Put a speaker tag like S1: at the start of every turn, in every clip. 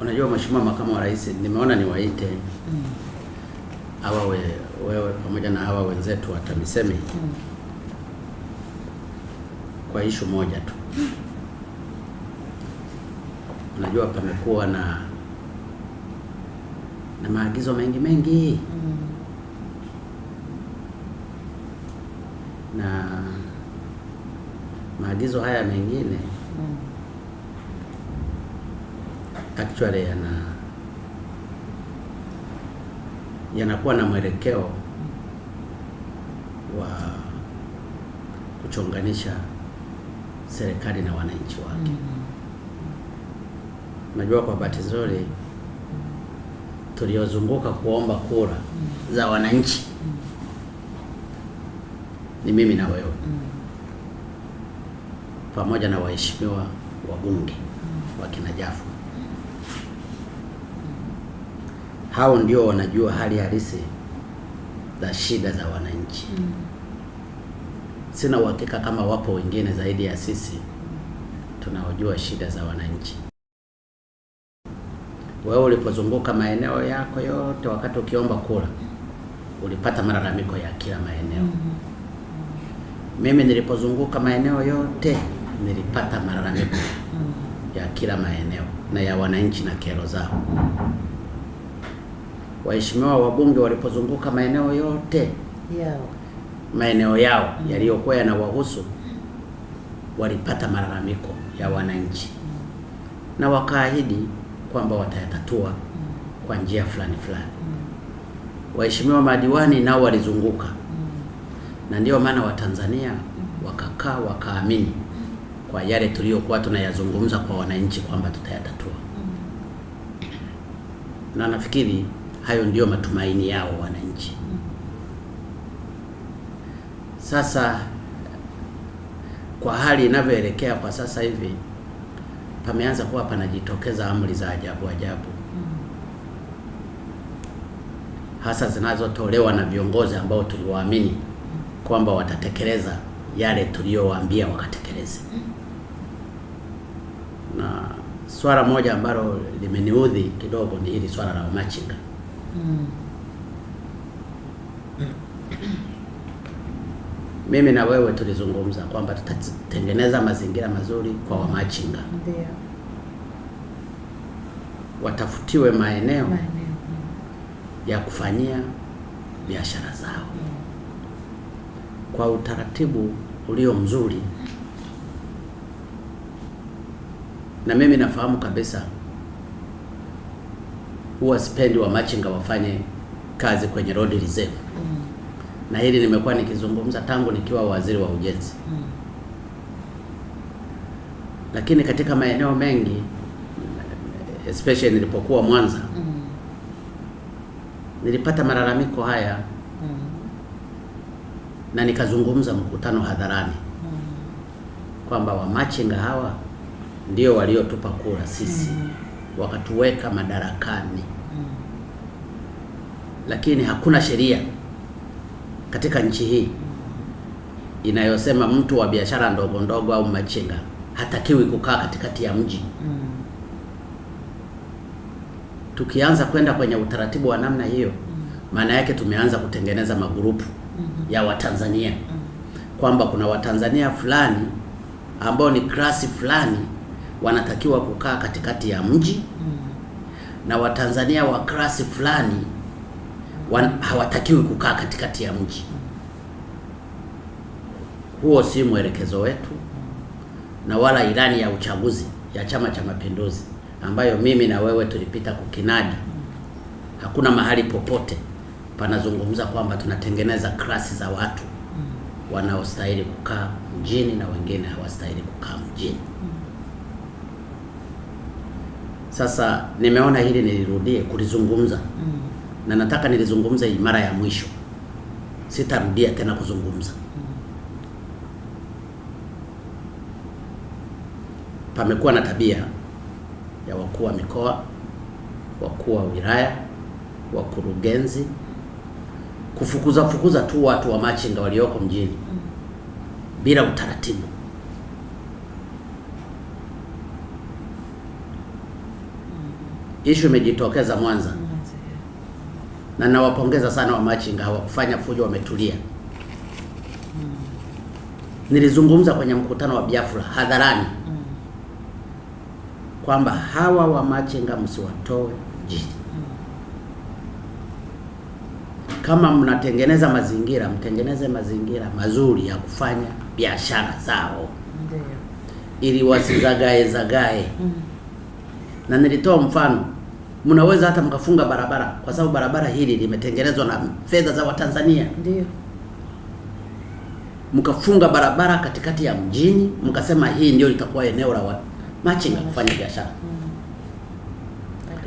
S1: Unajua Mheshimiwa Makamu wa Rais, nimeona niwaite mm. hawa we, wewe pamoja na hawa wenzetu wa TAMISEMI mm. kwa ishu moja tu mm. Unajua pamekuwa na na maagizo mengi mengi mm. na maagizo haya mengine mm actually yana yanakuwa na mwelekeo wa kuchonganisha serikali na wananchi wake. mm -hmm. kwa bahati nzuri tuliozunguka kuomba kura mm -hmm. za wananchi mm -hmm. ni mimi na wewe mm -hmm. pamoja na waheshimiwa wabunge mm -hmm. wa kinajafu hao ndio wanajua hali halisi za shida za wananchi. Mm. Sina uhakika kama wapo wengine zaidi ya sisi tunaojua shida za wananchi. Wewe ulipozunguka maeneo yako yote, wakati ukiomba kura, ulipata malalamiko ya kila maeneo. Mm -hmm. Mimi nilipozunguka maeneo yote nilipata malalamiko mm-hmm. ya kila maeneo na ya wananchi na kero zao. Mm-hmm waheshimiwa wabunge walipozunguka maeneo yote yao, maeneo yao mm. yaliyokuwa yanawahusu, walipata malalamiko ya wananchi mm. na wakaahidi kwamba watayatatua mm. kwa njia fulani fulani mm. waheshimiwa madiwani nao walizunguka mm. na ndiyo maana Watanzania mm. wakakaa wakaamini kwa yale tuliyokuwa tunayazungumza kwa wananchi kwamba tutayatatua mm. na nafikiri Hayo ndiyo matumaini yao wananchi. Sasa kwa hali inavyoelekea kwa sasa hivi, pameanza kuwa panajitokeza amri za ajabu ajabu, hasa zinazotolewa na viongozi ambao tuliwaamini kwamba watatekeleza yale tuliyowaambia wakatekeleze. Na swala moja ambalo limeniudhi kidogo ni hili swala la wamachinga. Mm. Mimi na wewe tulizungumza kwamba tutatengeneza mazingira mazuri kwa wamachinga. ndio Watafutiwe maeneo, maeneo mm. ya kufanyia biashara zao mm. kwa utaratibu ulio mzuri, na mimi nafahamu kabisa huwa sipendi machinga wafanye kazi kwenye road reserve mm. na hili nimekuwa nikizungumza tangu nikiwa waziri wa ujenzi mm. lakini katika maeneo mengi especially nilipokuwa Mwanza mm. nilipata malalamiko haya mm. na nikazungumza mkutano hadharani mm. kwamba wamachinga hawa ndio waliotupa kura sisi mm wakatuweka madarakani Lakini hakuna sheria katika nchi hii inayosema mtu wa biashara ndogo ndogo au machinga hatakiwi kukaa katikati ya mji Tukianza kwenda kwenye utaratibu wa namna hiyo, maana yake tumeanza kutengeneza magurupu ya Watanzania kwamba kuna Watanzania fulani ambao ni klasi fulani wanatakiwa kukaa katikati ya mji mm. na Watanzania wa klasi fulani hawatakiwi kukaa katikati ya mji. Huo si mwelekezo wetu na wala ilani ya uchaguzi ya Chama cha Mapinduzi ambayo mimi na wewe tulipita kukinadi. Hakuna mahali popote panazungumza kwamba tunatengeneza klasi za watu mm. wanaostahili kukaa mjini na wengine hawastahili kukaa mjini. Mm. Sasa nimeona hili nilirudie kulizungumza mm. na nataka nilizungumza mara ya mwisho, sitarudia tena kuzungumza mm. Pamekuwa na tabia ya wakuu wa mikoa, wakuu wa wilaya, wakurugenzi kufukuza fukuza tu watu wa machinga walioko mjini mm. bila utaratibu ishu imejitokeza Mwanza na nawapongeza sana wamachinga, hawakufanya fujo, wametulia. Nilizungumza kwenye mkutano wa Biafra hadharani kwamba hawa wamachinga msiwatoe jiji. Kama mnatengeneza mazingira, mtengeneze mazingira mazuri ya kufanya biashara zao ili wasizagae zagae mm na nilitoa mfano, mnaweza hata mkafunga barabara kwa sababu barabara hili limetengenezwa na fedha za Watanzania, ndio mkafunga barabara katikati ya mjini, mkasema hii ndio litakuwa eneo la machinga kufanya biashara. Mm.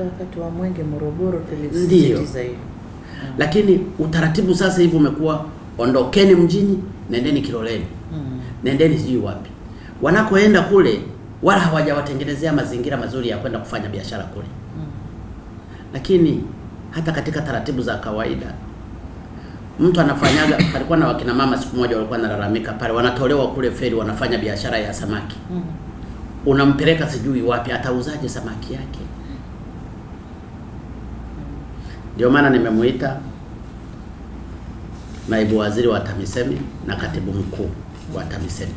S2: wakati wa Mwenge Morogoro tulisisitiza hiyo, mm.
S1: lakini utaratibu sasa hivi umekuwa ondokeni mjini, nendeni Kiloleni, mm. nendeni sijui wapi wanakoenda kule wala hawajawatengenezea mazingira mazuri ya kwenda kufanya biashara kule mm. Lakini hata katika taratibu za kawaida mtu anafanyaga palikuwa na wakina mama siku moja walikuwa nalalamika pale, wanatolewa kule feri, wanafanya biashara ya samaki mm. Unampeleka sijui wapi, atauzaje samaki yake? Ndio maana nimemuita naibu waziri wa TAMISEMI na katibu mkuu wa TAMISEMI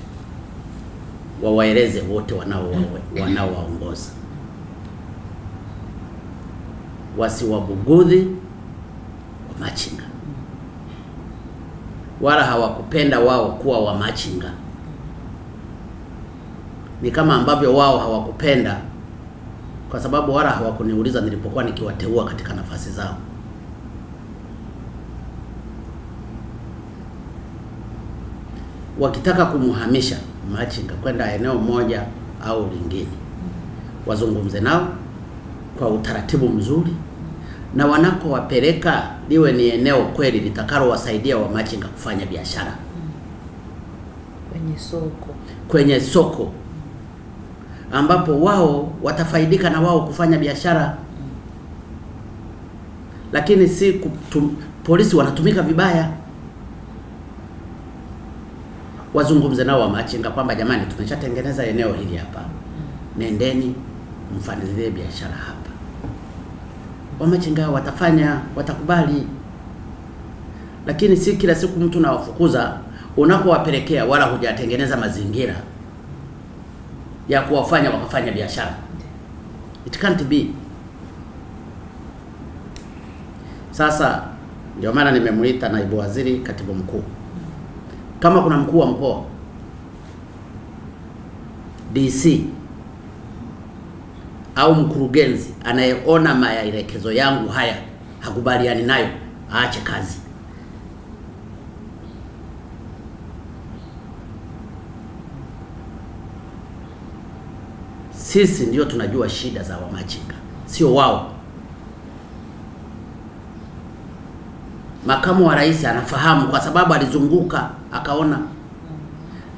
S1: wawaeleze wote wanaowaongoza, wasiwabugudhi machinga wala hawakupenda wao kuwa wamachinga, ni kama ambavyo wao hawakupenda kwa sababu wala hawakuniuliza nilipokuwa nikiwateua katika nafasi zao. Wakitaka kumuhamisha machinga kwenda eneo moja au lingine, wazungumze nao kwa utaratibu mzuri, na wanakowapeleka liwe ni eneo kweli litakalowasaidia wamachinga kufanya biashara
S2: kwenye soko,
S1: kwenye soko ambapo wao watafaidika na wao kufanya biashara, lakini si kutum, polisi wanatumika vibaya wazungumze nao wa machinga kwamba jamani, tumeshatengeneza eneo hili hapa, nendeni mfanilie biashara hapa. Wamachinga watafanya, watakubali, lakini si kila siku mtu nawafukuza unapowapelekea wala hujatengeneza mazingira ya kuwafanya wakafanya biashara. It can't be. Sasa ndio maana nimemuita naibu waziri, katibu mkuu kama kuna mkuu wa mkoa DC au mkurugenzi anayeona maelekezo yangu haya hakubaliani nayo, aache kazi. Sisi ndio tunajua shida za wamachinga, sio wao. makamu wa rais anafahamu, kwa sababu alizunguka akaona.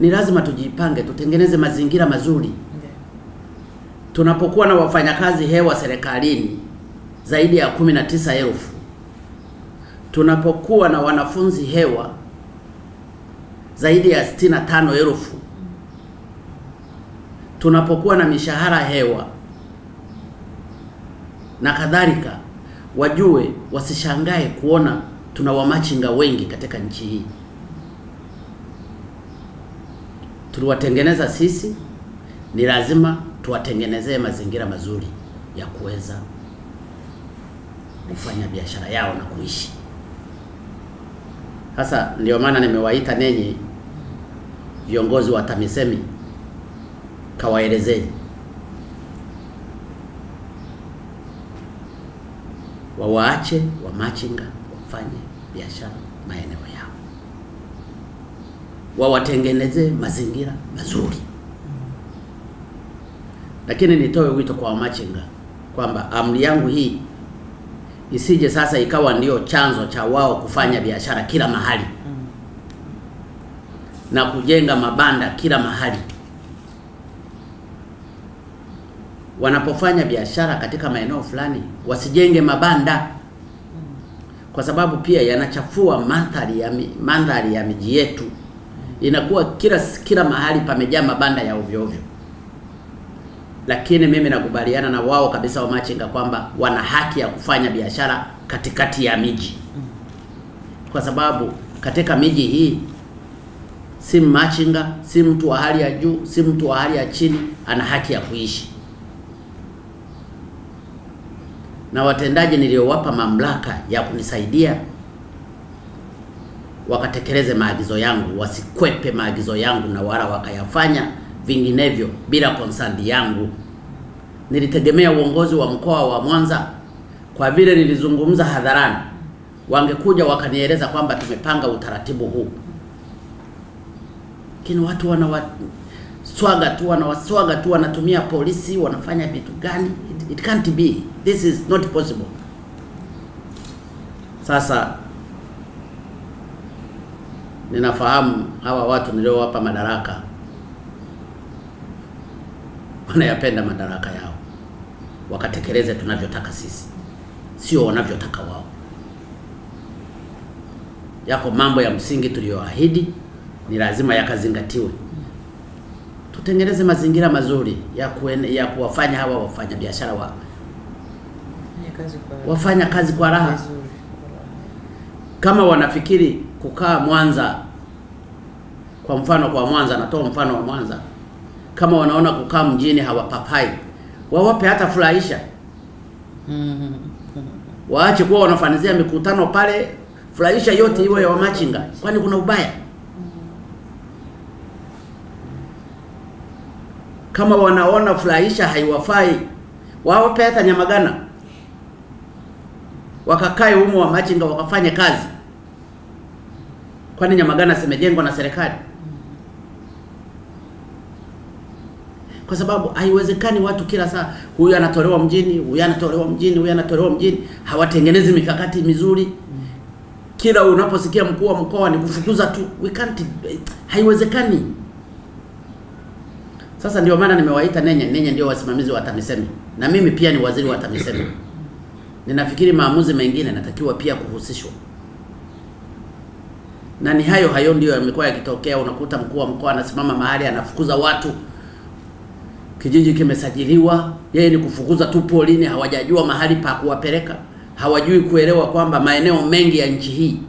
S1: Ni lazima tujipange, tutengeneze mazingira mazuri. Tunapokuwa na wafanyakazi hewa serikalini zaidi ya kumi na tisa elfu tunapokuwa na wanafunzi hewa zaidi ya sitini na tano elfu tunapokuwa na mishahara hewa na kadhalika, wajue wasishangae kuona tuna wamachinga wengi katika nchi hii. Tuliwatengeneza sisi, ni lazima tuwatengenezee mazingira mazuri ya kuweza kufanya biashara yao na kuishi. Sasa ndio maana nimewaita ninyi viongozi wa TAMISEMI, kawaelezeni, wawaache wamachinga wafanye biashara maeneo yao, wawatengeneze mazingira mazuri. Lakini nitoe wito kwa wamachinga kwamba amri yangu hii isije sasa ikawa ndio chanzo cha wao kufanya biashara kila mahali na kujenga mabanda kila mahali. Wanapofanya biashara katika maeneo fulani wasijenge mabanda kwa sababu pia yanachafua mandhari ya mandhari ya miji yetu. Inakuwa kila kila mahali pamejaa mabanda ya ovyo ovyo, lakini mimi nakubaliana na wao kabisa wamachinga kwamba wana haki ya kufanya biashara katikati ya miji, kwa sababu katika miji hii si machinga, si mtu wa hali ya juu, si mtu wa hali ya chini, ana haki ya kuishi. na watendaji niliowapa mamlaka ya kunisaidia wakatekeleze maagizo yangu, wasikwepe maagizo yangu na wala wakayafanya vinginevyo bila konsandi yangu. Nilitegemea uongozi wa mkoa wa Mwanza kwa vile nilizungumza hadharani, wangekuja wakanieleza kwamba tumepanga utaratibu huu, lakini watu wana swaga tu wanawaswaga tu, wanatumia polisi, wanafanya vitu gani? It, it can't be, this is not possible. Sasa ninafahamu hawa watu niliowapa madaraka wanayapenda madaraka yao, wakatekeleze tunavyotaka sisi, sio wanavyotaka wao. Yako mambo ya msingi tuliyoahidi, ni lazima yakazingatiwe tutengeneze mazingira mazuri ya kuen, ya kuwafanya hawa wafanya biashara wa wafanya kazi kwa raha. Kama wanafikiri kukaa Mwanza, kwa mfano, kwa Mwanza natoa mfano wa Mwanza, kama wanaona kukaa mjini hawapapai, wawape hata furahisha, mm-hmm. waache kuwa wanafanizia mikutano pale, furahisha yote iwe ya wamachinga, kwani kuna ubaya? kama wanaona furahisha haiwafai, wawape hata Nyamagana, wakakae humo wa machinga wakafanye kazi. Kwani Nyamagana zimejengwa na serikali? Kwa sababu haiwezekani watu kila saa, huyu anatolewa mjini, huyu anatolewa mjini, huyu anatolewa mjini, hawatengenezi mikakati mizuri. Kila unaposikia mkuu wa mkoa ni kufukuza tu, we can't, eh, haiwezekani. Sasa ndio maana nimewaita nenye nenye, ndio wasimamizi wa TAMISEMI na mimi pia ni waziri wa TAMISEMI. Ninafikiri maamuzi mengine natakiwa pia kuhusishwa, na ni hayo hayo ndio yamekuwa yakitokea. Unakuta mkuu wa mkoa anasimama mahali anafukuza watu, kijiji kimesajiliwa, yeye ni kufukuza tu polini, hawajajua mahali pa kuwapeleka, hawajui kuelewa kwamba maeneo mengi ya nchi hii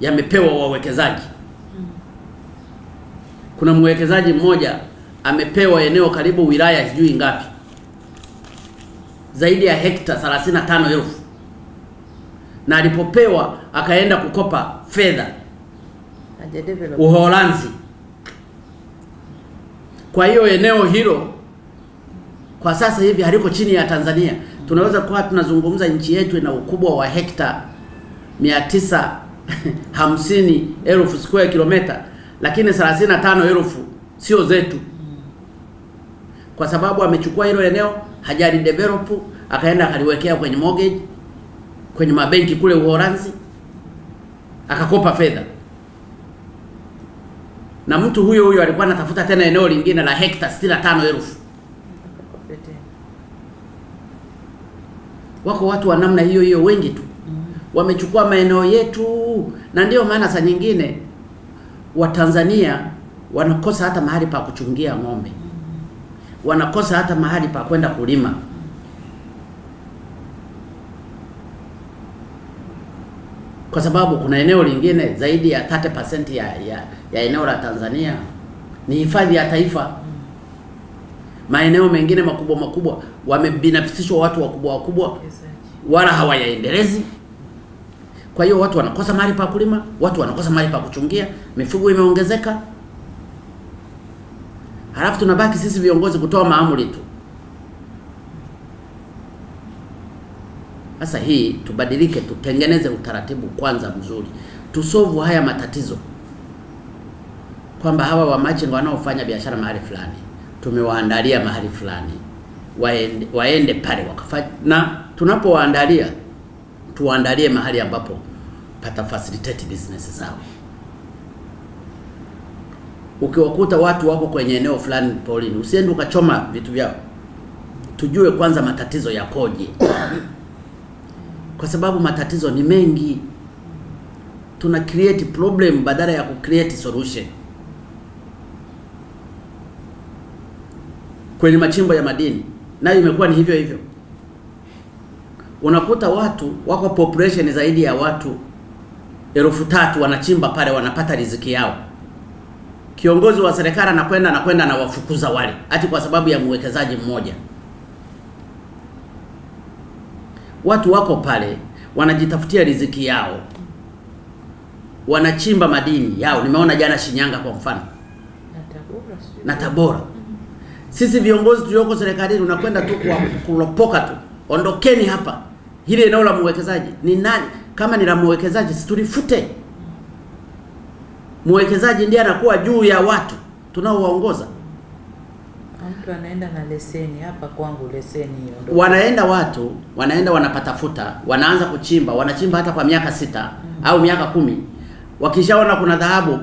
S1: yamepewa wawekezaji. Hmm. Kuna mwekezaji mmoja amepewa eneo karibu wilaya sijui ngapi, zaidi ya hekta 35,000 na alipopewa akaenda kukopa fedha Uholanzi. Kwa hiyo eneo hilo kwa sasa hivi haliko chini ya Tanzania. Tunaweza kuwa tunazungumza nchi yetu ina ukubwa wa hekta 950,000 square kilometa lakini 35,000 sio zetu kwa sababu amechukua hilo eneo hajali develop, akaenda akaliwekea kwenye mortgage kwenye mabenki kule Uholanzi, akakopa fedha, na mtu huyo huyo alikuwa anatafuta tena eneo lingine la hekta 65,000. Wako watu wa namna hiyo hiyo wengi tu wamechukua maeneo yetu, na ndiyo maana saa nyingine Watanzania wanakosa hata mahali pa kuchungia ng'ombe wanakosa hata mahali pa kwenda kulima. Kwa sababu kuna eneo lingine zaidi ya 30% ya, ya, ya eneo la Tanzania ni hifadhi ya taifa. Maeneo mengine makubwa makubwa wamebinafsishwa watu wakubwa wakubwa, wala hawayaendelezi. Kwa hiyo watu wanakosa mahali pa kulima, watu wanakosa mahali pa kuchungia, mifugo imeongezeka halafu tunabaki sisi viongozi kutoa maamuri tu. Sasa hii tubadilike, tutengeneze utaratibu kwanza mzuri, tusovu haya matatizo, kwamba hawa wamachinga wanaofanya biashara mahali fulani tumewaandalia mahali fulani waende, waende pale wakafanya, na tunapowaandalia tuwaandalie mahali ambapo pata facilitate business zao ukiwakuta watu wako kwenye eneo fulani polini, usiende ukachoma vitu vyao, tujue kwanza matatizo yakoje, kwa sababu matatizo ni mengi. Tuna create problem badala ya ku create solution. Kwenye machimbo ya madini nayo imekuwa ni hivyo hivyo, unakuta watu wako population zaidi ya watu elfu tatu wanachimba pale, wanapata riziki yao kiongozi wa serikali anakwenda anakwenda anawafukuza wale ati kwa sababu ya mwekezaji mmoja. Watu wako pale wanajitafutia riziki yao, wanachimba madini yao. Nimeona jana Shinyanga kwa mfano na Tabora. Sisi viongozi tulioko serikalini unakwenda tu kwa kulopoka tu, ondokeni hapa. Hili eneo la mwekezaji ni nani? Kama ni la mwekezaji, situlifute mwekezaji ndiye anakuwa juu ya watu tunaowaongoza.
S2: Mtu anaenda na leseni hapa kwangu, leseni hiyo,
S1: wanaenda watu wanaenda wanapatafuta, wanaanza kuchimba, wanachimba hata kwa miaka sita mm. au miaka kumi. Wakishaona kuna dhahabu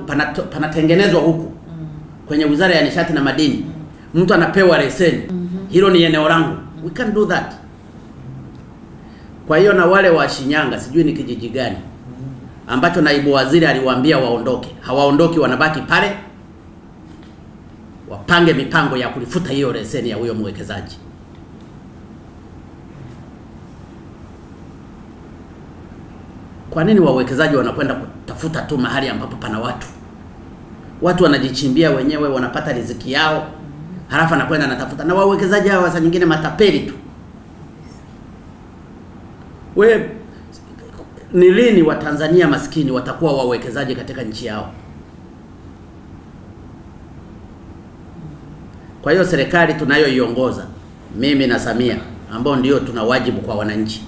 S1: panatengenezwa huku mm. kwenye Wizara ya Nishati na Madini mm. mtu anapewa leseni mm -hmm. hilo ni eneo langu mm. we can do that. Kwa hiyo na wale wa Shinyanga sijui ni kijiji gani ambacho naibu waziri aliwaambia waondoke, hawaondoki, wanabaki pale, wapange mipango ya kulifuta hiyo leseni ya huyo mwekezaji. Kwa nini wawekezaji wanakwenda kutafuta tu mahali ambapo pana watu? Watu wanajichimbia wenyewe, wanapata riziki yao, halafu anakwenda anatafuta. Na wawekezaji hawa saa nyingine matapeli tu wewe ni lini Watanzania maskini watakuwa wawekezaji katika nchi yao? Kwa hiyo serikali tunayoiongoza mimi na Samia, ambao ndio tuna wajibu kwa wananchi,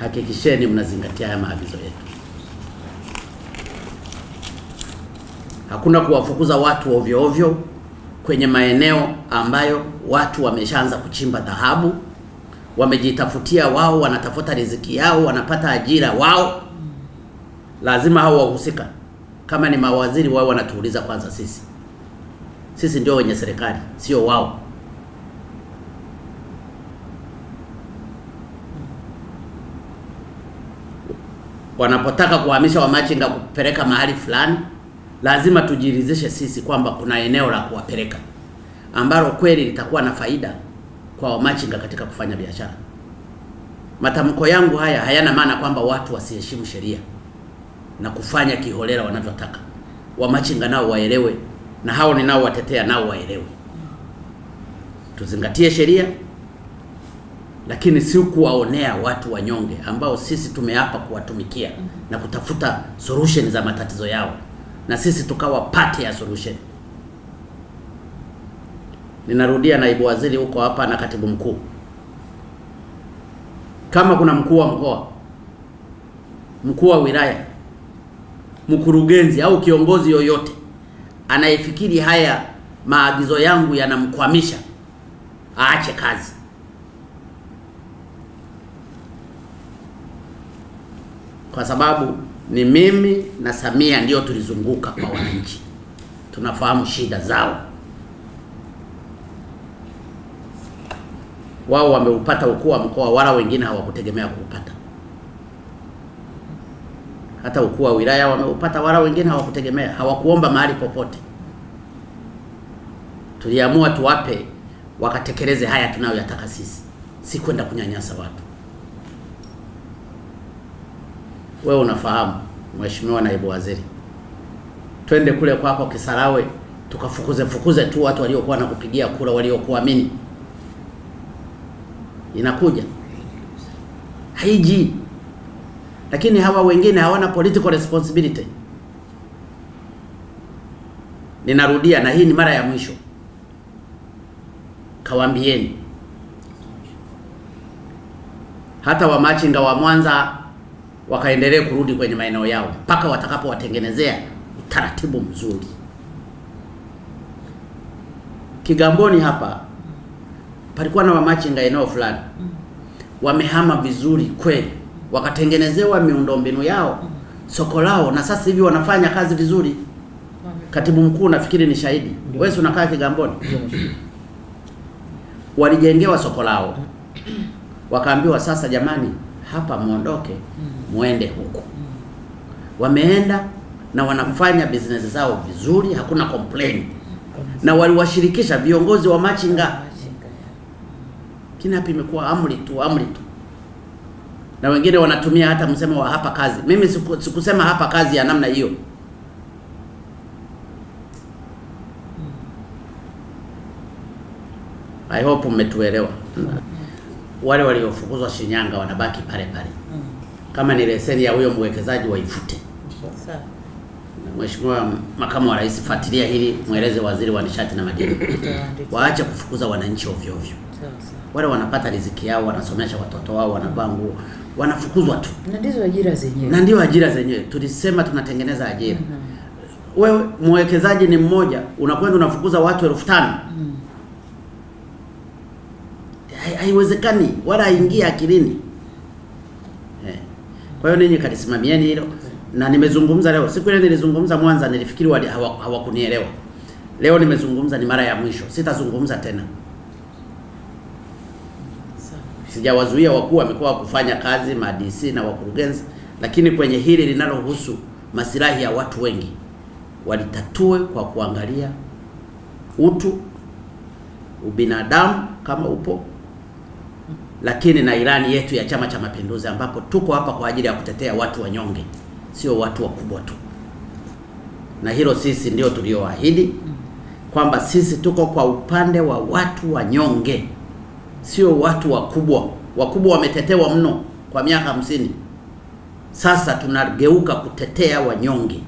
S1: hakikisheni mnazingatia haya maagizo yetu. Hakuna kuwafukuza watu ovyo ovyo kwenye maeneo ambayo watu wameshaanza kuchimba dhahabu wamejitafutia wao, wanatafuta riziki yao, wanapata ajira wao. Lazima hao wahusika kama ni mawaziri wao wanatuuliza kwanza, sisi sisi ndio wenye serikali, sio wao. Wanapotaka kuhamisha wamachinga kupeleka mahali fulani, lazima tujiridhishe sisi kwamba kuna eneo la kuwapeleka ambalo kweli litakuwa na faida kwa wamachinga katika kufanya biashara. Matamko yangu haya hayana maana kwamba watu wasiheshimu sheria na kufanya kiholela wanavyotaka. Wamachinga nao waelewe, na hao ninaowatetea nao waelewe, tuzingatie sheria, lakini si kuwaonea watu wanyonge ambao sisi tumeapa kuwatumikia na kutafuta solution za matatizo yao, na sisi tukawa pate ya solution ninarudia, naibu waziri huko hapa na katibu mkuu. Kama kuna mkuu wa mkoa, mkuu wa wilaya, mkurugenzi au kiongozi yoyote anayefikiri haya maagizo yangu yanamkwamisha, aache kazi. Kwa sababu ni mimi na Samia ndio tulizunguka kwa wananchi, tunafahamu shida zao. wao wameupata ukuu wa mkoa, wala wengine hawakutegemea kuupata. Hata ukuu wa wilaya wameupata, wala wengine hawakutegemea, hawakuomba mahali popote. Tuliamua tuwape wakatekeleze haya tunayoyataka sisi, si kwenda kunyanyasa watu. Wewe unafahamu Mheshimiwa Naibu Waziri, twende kule kwako Kisarawe tukafukuze fukuze tu watu waliokuwa na kupigia kura waliokuamini inakuja, haiji. Lakini hawa wengine hawana political responsibility. Ninarudia, na hii ni mara ya mwisho, kawambieni hata wamachinga wa Mwanza wakaendelee kurudi kwenye maeneo yao mpaka watakapowatengenezea utaratibu mzuri. Kigamboni hapa palikuwa na wamachinga eneo fulani wamehama vizuri kweli, wakatengenezewa miundombinu yao, soko lao, na sasa hivi wanafanya kazi vizuri. Katibu mkuu nafikiri ni shahidi, wewe unakaa Kigamboni walijengewa soko lao, wakaambiwa sasa, jamani, hapa muondoke muende huku. Wameenda na wanafanya business zao vizuri, hakuna complain, na waliwashirikisha viongozi wa machinga Kinapi imekuwa amri tu amri tu, na wengine wanatumia hata msemo wa hapa kazi. Mimi siku, sikusema hapa kazi ya namna hiyo. I hope mmetuelewa. Wale waliofukuzwa Shinyanga wanabaki pale pale, kama ni leseni ya huyo mwekezaji waifute. Mheshimiwa Makamu wa Rais, fuatilia hili, mweleze Waziri wa Nishati na Madini waache kufukuza wananchi ovyo ovyo wale wanapata riziki yao, wanasomesha watoto wao, wanavaa nguo, wanafukuzwa tu,
S2: na ndizo ajira zenyewe,
S1: na ndio ajira zenyewe. Tulisema tunatengeneza ajira mm -hmm. Wewe mwekezaji ni mmoja, unakwenda unafukuza watu elfu tano mm wala haingii akilini eh. Kwa hiyo ninyi kalisimamieni hilo mm-hmm. na nimezungumza leo. Siku ile nilizungumza Mwanza, nilifikiri hawakunielewa. Hawa leo nimezungumza, ni mara ya mwisho, sitazungumza tena sijawazuia wakuu wamekuwa kufanya kazi ma-DC na wakurugenzi, lakini kwenye hili linalohusu masilahi ya watu wengi walitatue kwa kuangalia utu, ubinadamu kama upo, lakini na ilani yetu ya Chama cha Mapinduzi, ambapo tuko hapa kwa ajili ya kutetea watu wanyonge, sio watu wakubwa tu. Na hilo sisi ndio tulioahidi kwamba sisi tuko kwa upande wa watu wanyonge sio watu wakubwa. Wakubwa wametetewa mno kwa miaka hamsini. Sasa tunageuka kutetea wanyonge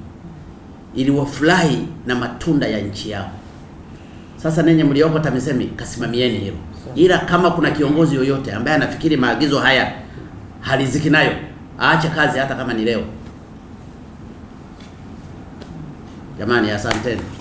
S1: ili wafurahi na matunda ya nchi yao. Sasa nenye mlioko TAMISEMI kasimamieni hilo, ila kama kuna kiongozi yoyote ambaye anafikiri maagizo haya haliziki nayo aache kazi, hata kama ni leo. Jamani, asanteni.